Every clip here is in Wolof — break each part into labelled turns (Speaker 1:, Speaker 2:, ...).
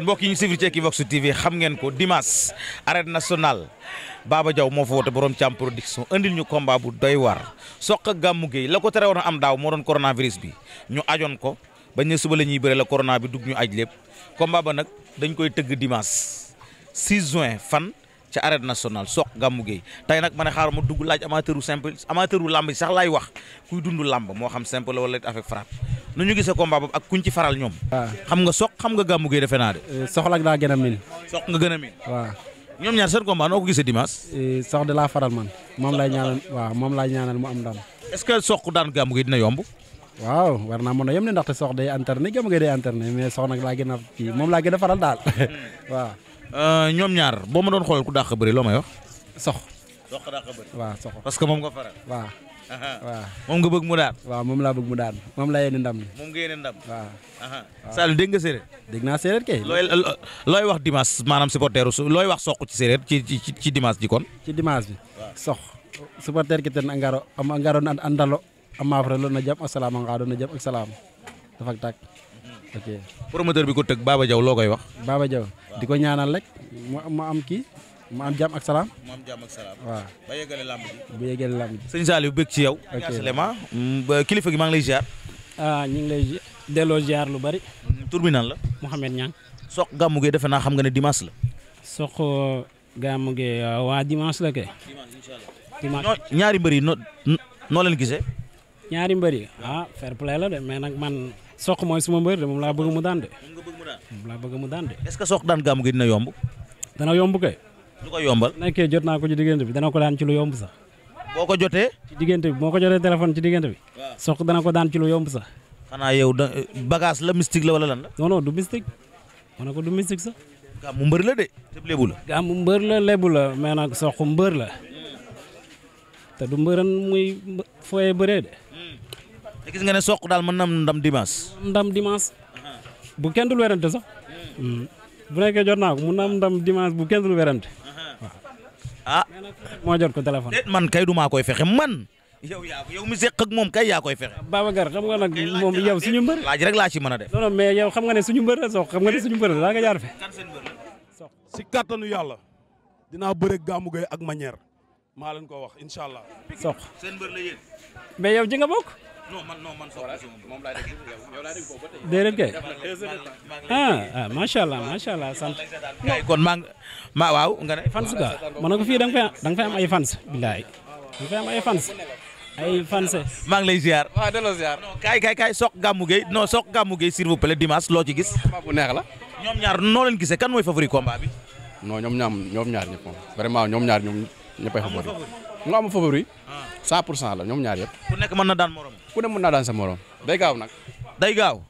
Speaker 1: kon mbokk yi ñu suivre ci Equivox TV xam ngeen ko dimanche arène nationale baaba jaw moo fa boroom borom càmm production indi ñu combat bu doy war soq ak gàmmu géey la ko tere woon am daaw moo doon coronavirus bi ñu ajoon ko bañ ne suba la ñuy bëre la corona bi dugg ñu aj lépp combat ba nag dañ koy tëgg dimanche 6 juin fan ci arène nationale soq gàmmu géey tey nag ma ne xaaral ma dugg laaj amateur u simple amateur u làmb sax laay wax kuy dund làmb moo xam simple wala avec frappe nu ñu gisee combat boobu ak kuñ ci faral ñoom. xam nga soq xam nga gàmmu géey defe naa de. Eh, soxla laa gën a miin. soq nga gën a miin. waaw ñoom ñaar seen combat noo ko gisee dimanche. Eh, sox de laa faral man. moom lay ñaanal waaw moom lay am ndam. est-ce que soq daan gàmmu géey dina yomb. waaw war naa mën a yem ne ndaxte sox day internet gàmmu géey day internet mais sox nag laa gën a kii moom laa gën a faral daal hmm. waaw Euh, ñoom ñaar boo ma doon xool ku dàq bëri loo may wax. sox sox dàq bëri. waaw sox parce que moom nga faral. waaw waaw. moom nga bëgg mu daan. waaw moom laa bëgg mu daan moom laa yéene ndam. moom nga yéene ndam. waaw. Saliou dégg nga séeréer. dégg naa séeréer kay. looy looy wax dimaas maanaam supporteru looy wax soq ci séeréer ci ci ci dimanche ji kon. ci dimanche bi. waaw sox. supporter ki ten angaro am angaro na andalo amafra lon na jam assalamu ngado na jam ak salaam dafa tak promoteur bi ko tëgg Baba Diaw loo koy wax. Baba Diaw di ko ñaanal rek
Speaker 2: mu am kii mu am jàmm ak salaam.
Speaker 1: mu am jàmm ak salaam. waaw ba yeggale ji. ba yeggale làmb ji. sëñ Saliou bëgg ci yow. Mm, kilifa gi maa ngi lay ziar. ah ñu ngi lay delloo ziar lu bari. Mm, tur la nan la. Mouhamed Niang. soq gàmmu gi defe naa xam nga ne dimanche la. soq uh, gàmmu gi uh, waa dimanche la kay. dimanche ñaari mbër yi noo noo leen gisee. ñaari mbër yi ah fair play la de mais nag man. soq mooy suma mbër de moom laa bëgg mu daan de. moom laa bëgg mu daan de. est-ce que soq daan gàmm gi dina yomb. dana yomb kay. lu ko jot naa ko ci diggante bi dana ko daan ci lu yomb sax. boo ko jotee. ci diggante bi moo ko jotee téléphone ci diggante bi. soq dana ko daan ci lu yomb sax. xanaa la mystique la wala lan la. non non du mystique. ma ne ko du mystique sax. mu mbër la de. te lébu la. gàmmu mbër la lébu la mais nag soq mbër la. Hmm. te du mbëran muy foyee bëree de. Hmm. gis nga ne soq daal mën na ndam dimanche. ndam dimanche. bu kenn dul werante sax. Hmm. bu nekkee jot naa mun na am ndam dimanche bu kenn dul werante. ah. moo jot ko téléphone. man kay du maa koy fexe man. yow yaa yow mi seq ak moom kay yaa koy fexe. Babacar xam nga nag moom yow suñu mbër. laaj rek laa ci mën a def. non non mais yow xam nga ne suñu mbër la soq xam nga ne suñu mbër la daa nga jaar fe.
Speaker 3: si kattanu yàlla dinaa bëre Gamou Gueye ak manière
Speaker 1: maala leen ko wax incha allah. soq seen mbër la bokk. non man non man moom laa déglu yow laa ah, ah, macha allah sant allah sant. kon maa ma waaw nga ne. fans quoi ma ne fii da nga am ay fans. bilaay da nga am ay fans. ay fans. maa ngi lay ziar. waaw ah, delloo ziar. kaay kaay kaay Sokh Gamou Gueye non Sokh Gamou Gueye s'il vous plaît loo ci gis. bu neex la. ñoom ñaar noo leen gisee kan mooy favori combat bi.
Speaker 2: non ñoom ñaar ñoom ñaar ñëpp moom vraiment ñoom ñaar ñoom favori. nga am favori 100 pour cent la ñoom ñaar yëpp. ku nekk mën na daan morom. ku ne mën na daan sa morom day gaaw nag. day
Speaker 1: gaaw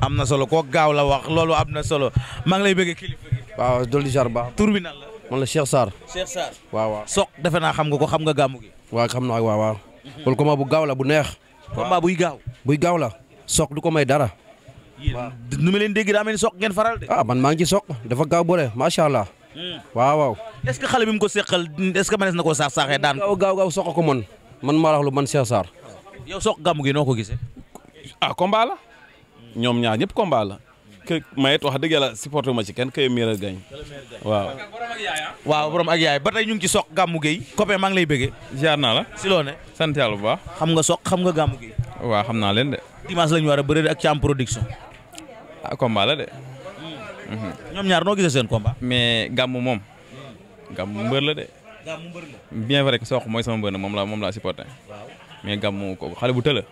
Speaker 1: am na solo ko gaaw la wax loolu am na solo maa ngi lay bëgg kilifa. waaw dolli jaar baax. tur bi nan la. man la Cheikh Sarr. Cheikh Sarr waaw defe naa xam nga ko xam nga gàmmu gi. waa xam naa waaw waaw. kon combat bu gaaw la bu neex. waaw buy gaaw. buy gaaw la soq du ko may dara. waaw nu ma leen dégg daa mel ni soq ngeen faral de.
Speaker 2: Ah, dafa gaaw boole macha allah. Hmm. waaw.
Speaker 1: est ce que xale bi mu ko seqal est ce que mënees na koo saax saaxee daan. gaaw gaaw soq ko man man maa man Cheikh Sarr. yow soq gàmm gi noo ko gisee. ah combat ñoom ñaar ñëpp combat la. kë wax dëgg yàlla ma ci kenn këy miir a borom ah? yaay ba tey ñu ngi ci soq gàmmu géey copain maa ngi lay bëggee ziar naa la sant yàlla bu baax xam nga soq xam nga gàmmu géey xam naa leen de dimanche war a bëre ak Thiam production ah combat hmm. Hmm. ñaar noo gisee seen combat mais gàmmu moom gàmmu mbër la de. gàmmu mbër la. bien vrai que sox mooy sama mbër na moom laa moom laa supporté. waaw mais gàmmu ko xale bu tëla.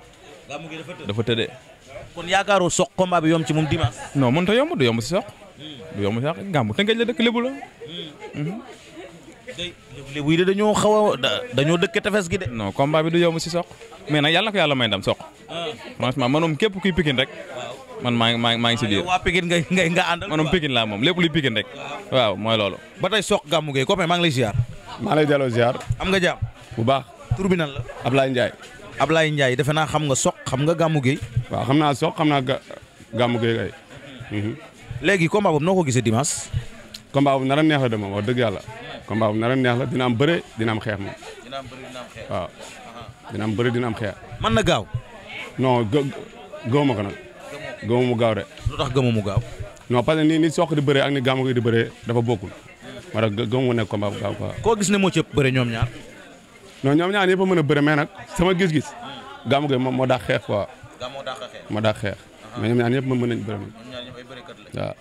Speaker 1: gàmmu gi dafa tëdd dafa tëddee. kon yaakaaroo sox combat bi yomb ci moom dimanche. non mënut a yomb du yomb si sox. Hmm. du yomb si sox la dëkk lébu la. Hmm. Hmm. lébu yi de dañoo a dañoo dëkk tefes gi de. non combat bi du yomb si sox mais nag yàlla na ko yàlla may ndam sox. Ah. franchement man moom képp kuy pikin rek. man maa ngi maa ngi si ah, biir waa Pikine ngay ngay nga àndal maanaam Pikine laa moom lépp luy Pikine rek ah. waaw mooy loolu ba tey soq gàmmu gee copain maa ngi lay ziar maa lay delloo am nga jàmm bu baax tur bi nan la Ablaye Ndiaye Ablaye Ndiaye defe naa xam nga soq xam nga gàmmu gee waaw xam naa soq xam naa
Speaker 3: gàmmu gee kay mhm. léegi noo ko gisee dimanche combat bu nar a neex la de dëgg yàlla combat bu nar a la dina am bëre dina am xeex moom waaw dina am bëre dina am xeex man na gaaw non gëwma ko nag gëmu mu gaaw de. lu tax gëmu mu gaaw. noo parce que ni ni soq di bëree ak ni gàmmu gi di bëree dafa bokkul ma tax gëmu mu nekk combat bu gaaw quoi. koo gis ne moo ci ëpp bëre ñoom ñaar. non ñoom ñaar ñëpp a mën a bëre mais nag sama gis-gis. gàmmu gi moom moo daax xeex quoi. gàmmu moo daax moo daax xeex uh-huh. mais ñoom ñaar ñëpp mën nañu bëre. ñoom ñaar ñëpp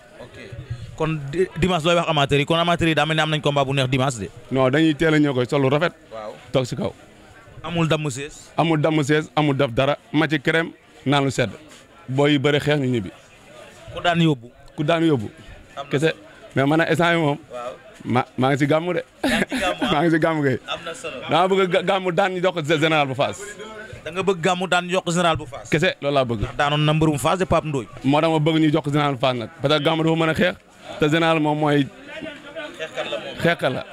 Speaker 3: kon dimanche looy wax amateur yi kon
Speaker 1: amateur yi daa mel ni am nañ combat bu neex
Speaker 3: dimanche de. non dañuy teel a ñëw koy solu rafet. waaw toog si kaw. amul damm sees. amul damm sees amul def dara ma ci crème naan sedd booy yu bëri xeex ñu ñibbi. ku daan yóbbu. ku daan yóbbu. kese mais man a instant moom. ma maa ngi si gàmmu de. maa ngi si gàmmu kay. am na solo dama bëgg gàmmu daan ñu jox ko général bu Faas. da nga bëgg gàmmu daan ñu jox ko général bu Faas. bëgg. daanoon na mbërum Faas de Pape Ndoye. moo tax bëgg ñu jox ko général bu Faas nag parce que gàmmu dafa mën xeex. te général moom mooy. xeexkat la moom xeexkat la.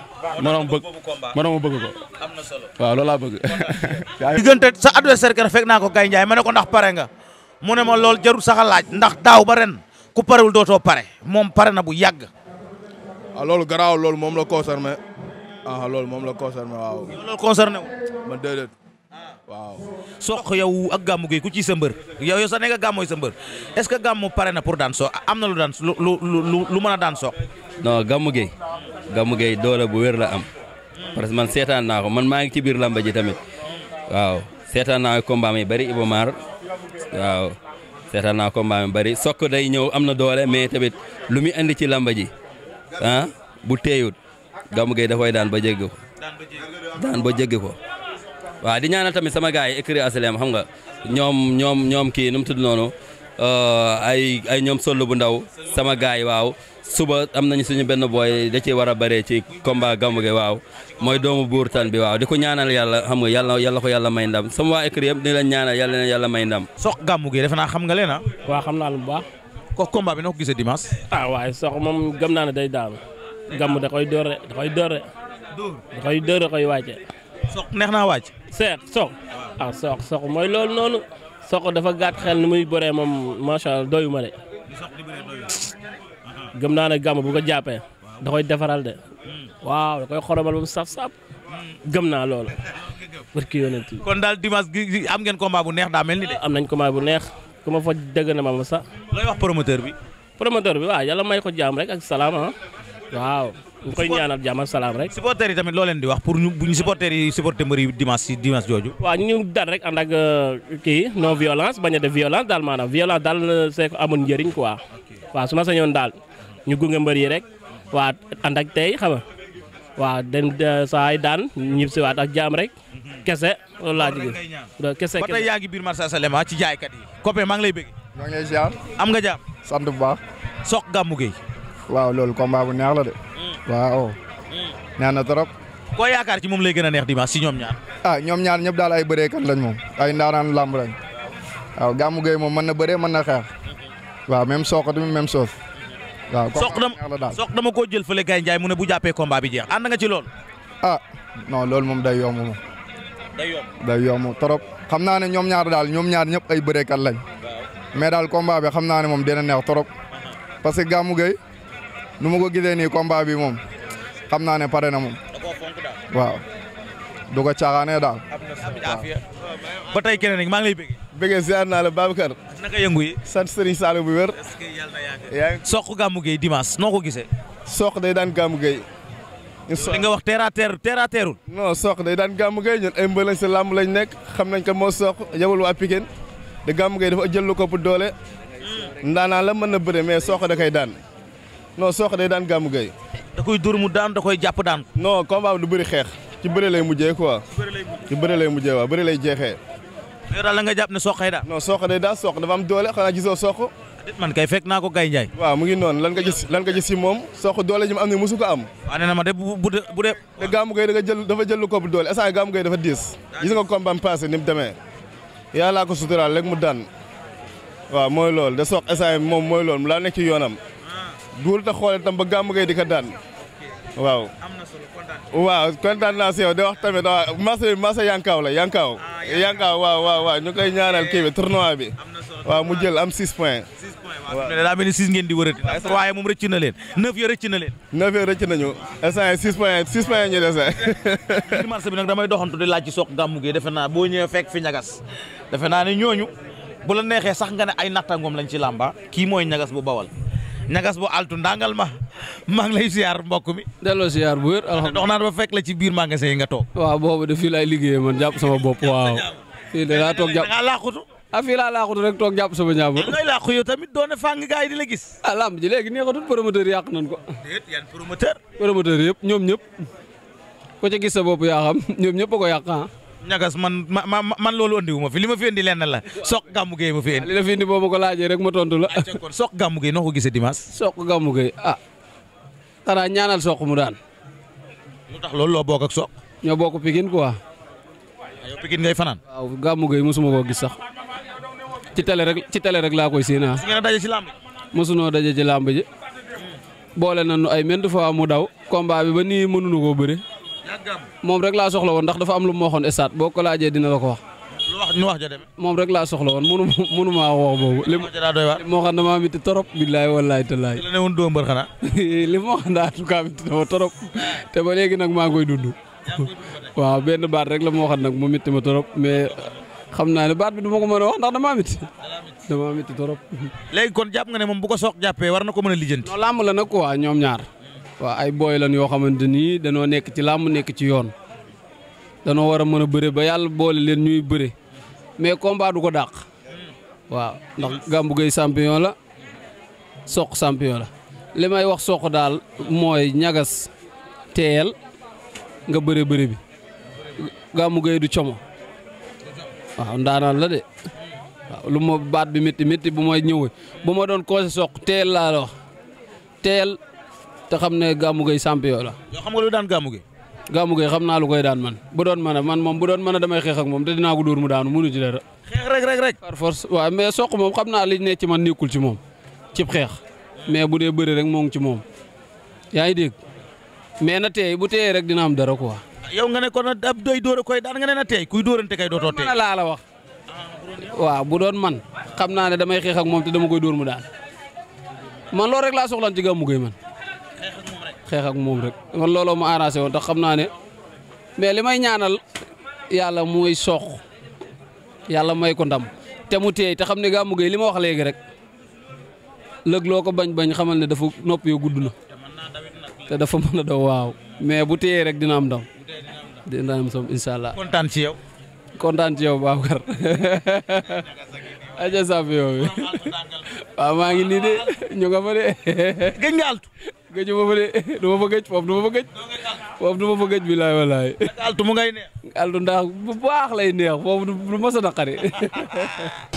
Speaker 3: ma bëgg ma doon bëgg ko. am na solo waaw loolu laa bëgg.
Speaker 1: diggante sa adversaire fekk naa ko Gaye Ndiaye ma ne ko ndax pare nga mu ne ma loolu jarul sax a ndax daaw ba ren ku parewul dootoo pare moom pare na bu yàgg. ah loolu garaaw loolu moom la concerné ah loolu moom la concerné waaw. loolu concerné wu. Ah. waaw. soq yow ak gàmmu gi ku ci sa mbër yow yow sa ne nga gàmmooy sa mbër est-ce que gàmmu pare na pour daan soq am na lu daan lu lu lu lu mën a daan sox
Speaker 2: non gàmmu gi gàmmu gi doole bu wér la am. Hmm. parce man seetaan naa ko man maa ngi ci biir lamba ji tamit waaw seetaan naa ko combat mi bari Ibomar. waaw seetaan naa combat mi bari sokk day ñëw am na doole mais tamit lu muy indi ci lamba ji ah bu teeyut Gamou Gueye da koy daan ba jéggi ko daan ba jeg ko waaw di ñaanal tamit sama gars yi écrit aslèm xam nga ñoom ñoom ñoom kii nu mu tudd noonu Euh, ay ay ñoom sollu bu ndaw sama gaay waaw suba am nañu suñu benn booy da ci war a bëree ci combat gàmmu gi waaw mooy doomu buur tan bi waaw di ko ñaanal yàlla xam nga yàlla yàlla ko yàlla may ndam sama waa écrit yëpp ni la ñaanal yàlla leen yàlla may ndam sox gàmmu gi defe naa xam nga leen ah
Speaker 1: waaw xam naa lu baax ko komba bi noo ko gisee dimanche ah waaye sox moom gëm naa ne day daanu gàmmu da koy dóore da koy dóore da koy dóore koy wàcce sox neex naa wàcc seet sox soq dafa gàtt xel ni muy bore moom macha allah doyu ma de. gëm naa ne gàmm bu ko jàppee da koy defaral de waaw da koy xoromal ba mu saf saf gëm naa loolu. barki yonent yi kon daal dimanche gi am ngeen combat bu neex daa mel ni de. am nañ combat bu neex ku ma fa dëgg na ma ma sax. looy wax promoteur bi. promoteur bi waaw yàlla may ko jaam rek ak salaam ah. waaw. ñu koy ñaanal jàmm ak salaam rek. supporters yi tamit loo leen di wax pour ñu bu ñu supporters yi supporter mbër yi dimanche dimanche jooju. waaw ñu dal rek ànd ak euh, kii non violence bañ a def violence daal maanaam violence daal euh, c'est amul njëriñ quoi. waaw su ma sañoon daal ñu gunge mbër yi rek waa ànd ak tey xam nga dem euh, saa yi daan ñib si waat jaam rek mhm. kese loolu laa jigéen ba tey yaa ngi biir marché Salema ci jaaykat yi Copain maa lay bëgg am nga jaam sant bu baax waaw neex na trop. koo yaakaar ci moom lay gën a neex dimanche si ñoom ñaar.
Speaker 4: ah ñoom ñaar ñëpp daal ay bëreekat lañ moom ay ndaaraan làmb lañ waaw gay Gueye moom mën na bëree mën na xeex waaw même soq tamit même soof waaw
Speaker 1: soq dama koo jël fële Gaye Ndiaye mu ne bu jàppee combat bi jeex ànd ci lool.
Speaker 4: a ah, non loolu moom day yom moom. day yomb day yomb trop. xam naa ne ñoom ñaar daal ñoom ñaar ñëpp ay bëreekat lañ mais daal combat bi xam naa ne moom dina neex trop parce que nu ma ko gisee nii combat bi moom xam naa ne pare na moom waaw du ko caaxaanee daal. ba tey keneen rek maa ngi lay bëgg. bëggee ziar naa la Babacar. naka yëngu yi. bu wér.
Speaker 1: soq gàmmu gay dimanche noo
Speaker 4: ko gisee. soq day daan gàmmu gay. li nga wax terre à terre terre day daan gàmmu gay ñun ay mbëlañ sa làmb lañ nekk xam nañ ko moo soq yabul waa Pikine de gàmmu gay dafa jël lu ko bu doole. Hmm. naa la mën na bëre mais soq da koy daan. non Sokh day daan Gamou Gueye. da koy dóor mu daan da koy jàpp daan. non combat bi du bëri xeex. ci bëri lay mujjee quoi. ci bëri lay mujjee waaw bëri lay jeexee. mais daal la nga jàpp ne Sokh day daan. non Sokh day daan sook dafa am doole xanaa gisoo Sokh. man kay fekk naa ko Gaye Ndiaye. waaw mu ngi noonu lan nga gis lan nga gis si moom Sokh doole ji mu am ne mosu ko am. waaw nee na ma de bu bu bu de. dafa jël dafa jël lu ko bu doole instant Gamou Gueye dafa diis. gis nga combat bi ni mu demee. yàllaa ko suturaal rek mu daan. waaw mooy loolu de Sokh instant moom mooy loolu laa ci yoonam duul ta xoole tam ba gàmm ngay di ko daan waaw. am na solo kontaan. waaw kontaan naa si yow di wax tamit waaw yankaaw la ah, yankaaw. yankaaw waaw waaw waaw ñu koy ñaanal kii bi tournoi bi. waaw mu jël am 6 points. 6
Speaker 1: points waaw daa mel ni 6 ngeen di waaye moom rëcc na leen 9 ya na leen.
Speaker 4: 9 ya rëcc nañu.
Speaker 1: instant yii 6 ñu dese. biir bi nag damay doxantu di laaj ci soog gàmmu gi defe naa boo ñëwee fekk fi ñagas defe naa ne ñooñu bu la neexee sax nga ne ay nattangoom lañ ci làmba kii mooy ñagas bu bawal ñagas bu altu ndàngal ma maa ngi siyaar mbokk mi.
Speaker 2: delloo siyaar bu wér alhamdulilah dox naa ba fekk la ci biir magasin yi nga toog. waaw boobu de fii laay liggéeyee man jàpp sama bopp waaw. fii de laa toog jàpp da ngaa laaxutu. ah rek toog jàpp sama ñaar. looy laaxu yow tamit doone fàng gaa yi di la gis. ah lamb ji léegi neexatul promoteur yàq nañ ko. déet yan promoteur. promoteur yëpp ñoom ñëpp ku ci gis sa bopp yaa xam ñoom ñëpp ko yàq ah. ñagas
Speaker 1: man ma ma man loolu andi ma fi li ma fi andi lenn la soq gàmmu gay ma fi andi. Ah, li la ko laajee rek ma tontu
Speaker 2: la. kon soq gàmmu gay noo ko gisee dimanche. soq gàmmu gay ah. xanaa ñaanal soq mu daan. lu tax loolu loo bokk ak soq. ñoo bokk Pikine quoi. yow Pikine ngay fanaan. waaw koo gis sax. ci télé rek ci tale rek laa koy séenaa. Ah. mosu ngeen a daje ci làmb ji. mosunoo daje ci làmb ji. Hmm. boole ay ment fois mu daw. combat bi ba nii mënuñu koo bëre. moom rek laa soxla woon ndax dafa am lu mu waxoon stade boo ko laajee dina la ko wax. lu wax wax ja demee. moom rek laa soxla woon mënu mënu maa wax boobu. li ma daa doy waar li ma waxoon damaa miti torop. billaay wallaay tallaay. la doo mbër xanaa. li ma daa en tout te ba léegi nag maa ngi koy dund. waaw benn baat rek la ma waxoon nag mu mitti ma torop mais xam naa ne baat bi du ma ko mën a wax ndax damaa miti. damaa miti torop. léegi kon jàpp nga ne moom bu ko soog jàppee war na ko mën a lijjanti. non làmb la nag quoi ñoom ñaar waaw ay booy lan yoo xamante nii danoo nekk ci làmb nekk ci yoon danoo war a mën a bëre ba yàlla boole leen ñuy bëre mais combat du ko dàq waaw ndax Gambu Gueye champion la soq champion la li may wax soq daal mooy ñagas teel nga bëre bëre bi Gambu Gueye du como waaw ndaanaan la de waaw lu ma baat bi métti métti bu may ñëwee bu ma doon koose soq teel laa la wax teel te xam ne Gamou Gueye champion la. yow nga lu daan Gamou Gueye. Gamou Gueye xam naa lu koy daan man bu doon mën a man moom bu doon mën a damay xeex ak moom te dinaa ko dóor mu daanu mënu ci dara. mais soq moom xam naa liñ ne ci man ci moom xeex mais bu dee bëri rek moo ngi ci moom yaa ngi dégg mais na tey bu teyee rek dina am dara quoi. yow nga ne kon ab doy dóor koy daan na tey kuy dóorante
Speaker 1: kay dootoo laa
Speaker 2: la wax waaw bu doon man xam naa ne damay xeex moom te dama koy dóor mu daan man loolu rek laa soxlaan ci Gamou Gueye man xeex ak moom rek man looloo ma arrangé woon tax xam naa ne mais li may ñaanal yàlla mooy sox yàlla may ko ndam te mu teey te xam ne Gamou Gueye li ma wax léegi rek lëg loo ko bañ bañ xamal ne dafa nopp yo gudd na te dafa mën a daw waaw mais bu téyee rek dina am ndam dina am som incha allah. kontaan ci yow. kontaan ci aja sàmm yow waaw maa ngi nii de ñu nga fa de. gëj nga gëj ma fa de du ma fa gëj foofu du ma fa gëj. foofu du ma fa gëj bilaay ngay neex. altu ndax bu baax lay neex foofu du ma sa naqari